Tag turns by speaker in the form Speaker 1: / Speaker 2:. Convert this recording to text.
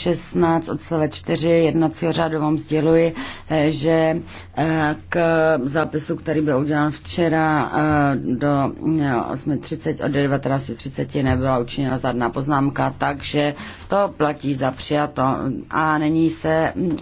Speaker 1: 16 odstavec 4 jednacího řádu vám sděluji, eh, že eh, k zápisu, který byl udělán včera eh, do 8.30 od 19.30 nebyla učiněna žádná poznámka, takže to platí za
Speaker 2: přijato a není se mm,